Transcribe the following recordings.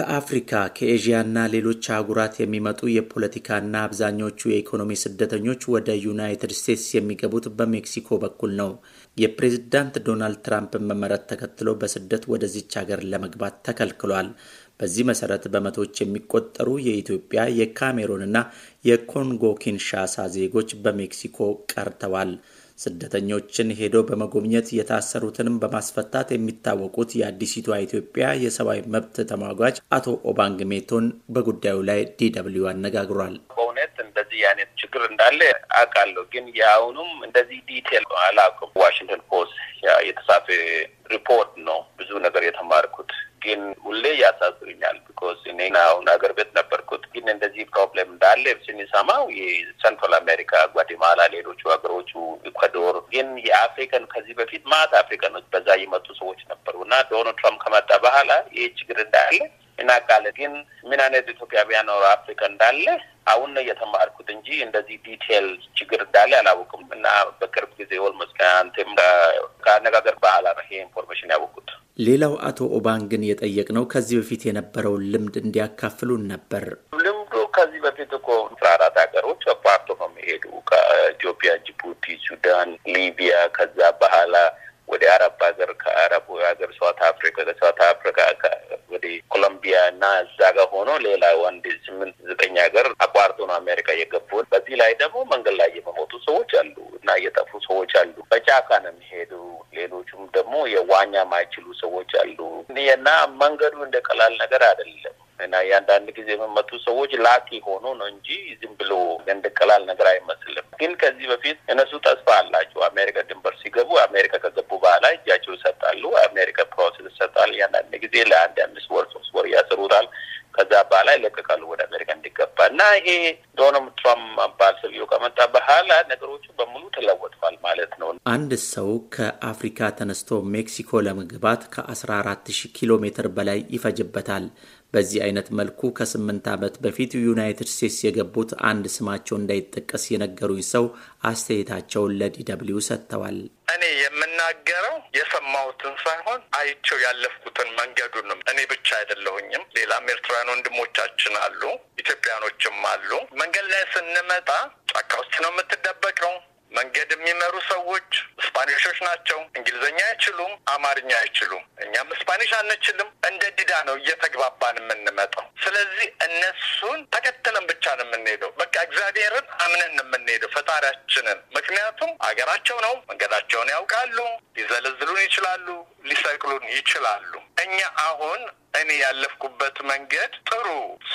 ከአፍሪካ ከኤዥያና ሌሎች አህጉራት የሚመጡ የፖለቲካና አብዛኞቹ የኢኮኖሚ ስደተኞች ወደ ዩናይትድ ስቴትስ የሚገቡት በሜክሲኮ በኩል ነው። የፕሬዝዳንት ዶናልድ ትራምፕን መመረጥ ተከትሎ በስደት ወደዚች ሀገር ለመግባት ተከልክሏል። በዚህ መሰረት በመቶዎች የሚቆጠሩ የኢትዮጵያ የካሜሮንና የኮንጎ ኪንሻሳ ዜጎች በሜክሲኮ ቀርተዋል። ስደተኞችን ሄዶ በመጎብኘት የታሰሩትንም በማስፈታት የሚታወቁት የአዲሲቷ ኢትዮጵያ የሰብአዊ መብት ተሟጓጅ አቶ ኦባንግ ሜቶን በጉዳዩ ላይ ዲ አነጋግሯል። እንደዚህ አይነት ችግር እንዳለ አውቃለሁ። ግን የአሁኑም እንደዚህ ዲቴል አላውቅም። ዋሽንግተን ፖስት የተጻፈ ሪፖርት ነው ብዙ ነገር የተማርኩት። ግን ሁሌ ያሳዝኛል። ቢኮዝ እኔ አሁን ሀገር ቤት ነበርኩት። ግን እንደዚህ ፕሮብሌም እንዳለ ስንሰማው የሰንትራል አሜሪካ፣ ጓቴማላ፣ ሌሎቹ ሀገሮቹ ኢኳዶር፣ ግን የአፍሪካን ከዚህ በፊት ማት አፍሪካኖች በዛ የመጡ ሰዎች ነበሩ እና ዶናልድ ትራምፕ ከመጣ በኋላ ይህ ችግር እንዳለ እናውቃለን። ግን ምን አይነት ኢትዮጵያ ኖረ አፍሪካ እንዳለ አሁን ነው የተማርኩት እንጂ እንደዚህ ዲቴል ችግር እንዳለ አላወቅም። እና በቅርብ ጊዜ ወልመስ አንቴም ከአነጋገር በኋላ ነው ይሄ ኢንፎርሜሽን ያወቁት። ሌላው አቶ ኦባን ግን ነው ከዚህ በፊት የነበረውን ልምድ እንዲያካፍሉን ነበር። ልምዱ ከዚህ በፊት እኮ አስራ አራት ሀገሮች አፓርቶ ነው የሚሄዱ ከኢትዮጵያ፣ ጅቡቲ፣ ሱዳን፣ ሊቢያ ከዛ በኋላ ወደ አረብ ሀገር ከአረቡ ሀገር ሳውት አፍሪካ ከሳውት አፍሪካ እና እዛ ጋር ሆኖ ሌላ ወንድ ስምንት ዘጠኝ ሀገር አቋርጦ ነው አሜሪካ የገቡት። በዚህ ላይ ደግሞ መንገድ ላይ የመሞቱ ሰዎች አሉ እና የጠፉ ሰዎች አሉ። በጫካ ነው የሚሄዱ። ሌሎቹም ደግሞ የዋኛ ማይችሉ ሰዎች አሉ እና መንገዱ እንደ ቀላል ነገር አይደለም እና የአንዳንድ ጊዜ የመመቱ ሰዎች ላኪ ሆኖ ነው እንጂ ዝም ብሎ እንደ ቀላል ነገር አይመስልም። ግን ከዚህ በፊት እነሱ ተስፋ አላቸው። አሜሪካ ድንበር ሲገቡ አሜሪካ ከገቡ በኋላ እጃቸው ይሰጣሉ። አሜሪካ ፕሮሰስ ይሰጣል። የአንዳንድ ጊዜ ለአንዳንድ ላይ ይለቀቃሉ ወደ አሜሪካ እንዲገባ እና ይሄ ዶናልድ ትራምፕ አባል ሰብዮ ከመጣ በኋላ ነገሮቹ በሙሉ ተለወጥቷል ማለት ነው። አንድ ሰው ከአፍሪካ ተነስቶ ሜክሲኮ ለመግባት ከ14 ሺህ ኪሎ ሜትር በላይ ይፈጅበታል። በዚህ አይነት መልኩ ከስምንት ዓመት በፊት ዩናይትድ ስቴትስ የገቡት አንድ ስማቸው እንዳይጠቀስ የነገሩኝ ሰው አስተያየታቸውን ለዲደብሊው ሰጥተዋል። እኔ የምናገረው የሰማሁትን ሳይሆን አይቸው ያለፍኩትን መንገዱንም እኔ ብቻ አይደለሁኝም። ሌላም ኤርትራውያን ወንድሞቻችን አሉ፣ ኢትዮጵያኖችም አሉ። መንገድ ላይ ስንመጣ ጫካ ውስጥ ነው የምትደበቀው መንገድ የሚመሩ ሰዎች ስፓኒሾች ናቸው። እንግሊዝኛ አይችሉም፣ አማርኛ አይችሉም። እኛም ስፓኒሽ አንችልም። እንደ ዲዳ ነው እየተግባባን የምንመጣው። ስለዚህ እነሱን ተከትለን ብቻ ነው የምንሄደው። በቃ እግዚአብሔርን አምነን ነው የምንሄደው ፈጣሪያችንን። ምክንያቱም አገራቸው ነው፣ መንገዳቸውን ያውቃሉ፣ ሊዘለዝሉን ይችላሉ፣ ሊሰቅሉን ይችላሉ። እኛ አሁን እኔ ያለፍኩበት መንገድ ጥሩ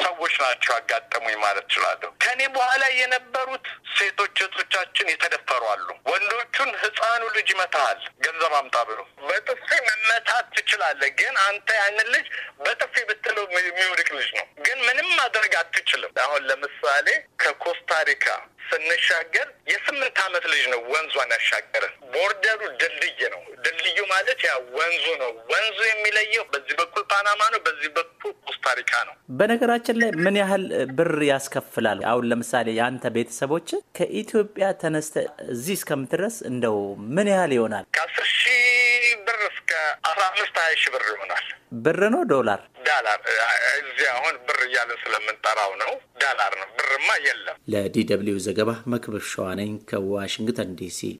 ሰዎች ናቸው ያጋጠሙኝ ማለት እችላለሁ። ከእኔ በኋላ የነበሩት ሴቶች እህቶቻችን የተደፈሩ አሉ። ወንዶቹን ህፃኑ ልጅ ይመታሃል፣ ገንዘብ አምጣ ብሎ በጥፊ መመታት ትችላለህ። ግን አንተ ያንን ልጅ በጥፊ ብትለው የሚውድቅ ልጅ ነው። ግን ምንም ማድረግ አትችልም። አሁን ለምሳሌ ከኮስታሪካ ስንሻገር የስምንት ዓመት ልጅ ነው ወንዟን ያሻገረን ቦርደሩ ድልድይ ማለት ያ ወንዙ ነው። ወንዙ የሚለየው በዚህ በኩል ፓናማ ነው፣ በዚህ በኩል ኮስታሪካ ነው። በነገራችን ላይ ምን ያህል ብር ያስከፍላል? አሁን ለምሳሌ የአንተ ቤተሰቦች ከኢትዮጵያ ተነስተ እዚህ እስከምትደርስ እንደው ምን ያህል ይሆናል? ከአስር ሺህ ብር እስከ አስራ አምስት ሀያ ሺህ ብር ይሆናል። ብር ነው ዶላር ዳላር እዚህ አሁን ብር እያለን ስለምንጠራው ነው። ዳላር ነው፣ ብርማ የለም። ለዲ ደብልዩ ዘገባ መክብብ ሸዋነኝ ከዋሽንግተን ዲሲ